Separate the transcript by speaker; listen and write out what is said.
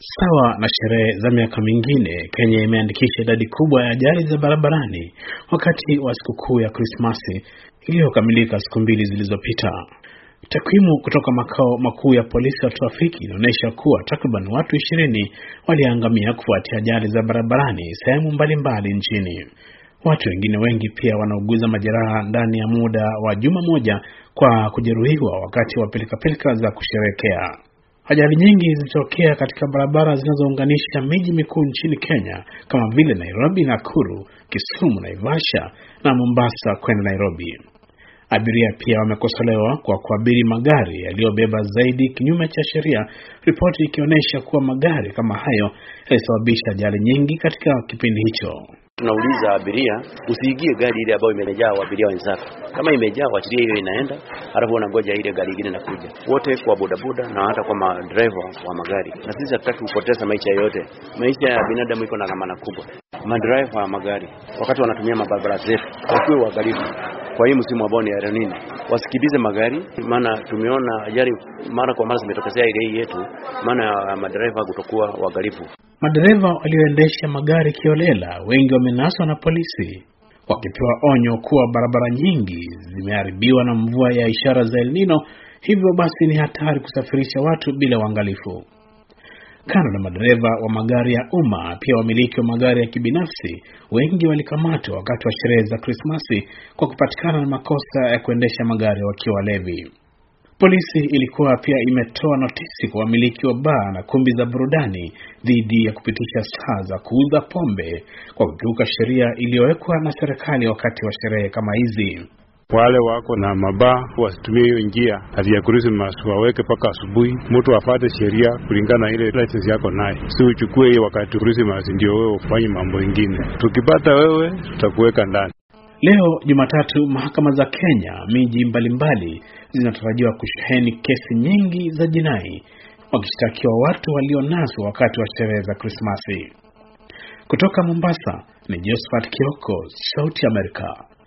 Speaker 1: Sawa na sherehe za miaka mingine, Kenya imeandikisha idadi kubwa ya ajali za barabarani wakati wa sikukuu ya Krismasi iliyokamilika siku mbili zilizopita. Takwimu kutoka makao makuu ya polisi wa trafiki inaonyesha kuwa takriban watu ishirini waliangamia kufuatia ajali za barabarani sehemu mbalimbali nchini. Watu wengine wengi pia wanauguza majeraha ndani ya muda wa juma moja kwa kujeruhiwa wakati wa pilikapilika za kusherekea. Ajali nyingi zilitokea katika barabara zinazounganisha miji mikuu nchini Kenya kama vile Nairobi, Nakuru, Kisumu, Naivasha na Mombasa kwenda Nairobi. Abiria pia wamekosolewa kwa kuabiri magari yaliyobeba zaidi kinyume cha sheria, ripoti ikionyesha kuwa magari kama hayo yalisababisha ajali nyingi katika kipindi hicho.
Speaker 2: Tunauliza abiria usiingie gari ile ambayo imejaa abiria wenzako. Kama imejaa, waachilie hiyo inaenda, alafu wanangoja ile gari nyingine inakuja. Wote kwa bodaboda na hata kwa madriver wa magari. Na sisi hatutaki kupoteza maisha yote Maisha ya binadamu iko na thamani kubwa. Madriver wa magari wakati wanatumia mabarabara zetu wakiwe waangalifu kwa hii msimu ambao ni aero wasikibize magari, maana tumeona ajali mara kwa mara zimetokezea ile hii yetu, maana ya madereva kutokuwa wagalifu.
Speaker 1: Madereva walioendesha magari kiolela wengi wamenaswa na polisi wakipewa onyo kuwa barabara nyingi zimeharibiwa na mvua ya ishara za El Nino, hivyo basi ni hatari kusafirisha watu bila uangalifu. Kando na madereva wa magari ya umma, pia wamiliki wa magari ya kibinafsi wengi walikamatwa wakati wa sherehe za Krismasi kwa kupatikana na makosa ya kuendesha magari wakiwa walevi. Polisi ilikuwa pia imetoa notisi kwa wamiliki wa baa na kumbi za burudani dhidi ya kupitisha saa za kuuza pombe kwa kukiuka sheria iliyowekwa na serikali wakati wa sherehe kama hizi
Speaker 3: wale wako na mabaa wasitumie hiyo njia ati ya Krismas, waweke mpaka asubuhi. Mtu afate sheria kulingana na ile license yako naye, si uchukue hiyo wakati Krismas ndio wewe ufanye mambo ingine. Tukipata wewe, tutakuweka ndani.
Speaker 1: Leo Jumatatu, mahakama za Kenya miji mbalimbali zinatarajiwa kusheheni kesi nyingi za jinai, wakishtakiwa watu walionazo wakati wa sherehe za Krismasi. Kutoka Mombasa ni Josephat Kioko, Sauti Amerika.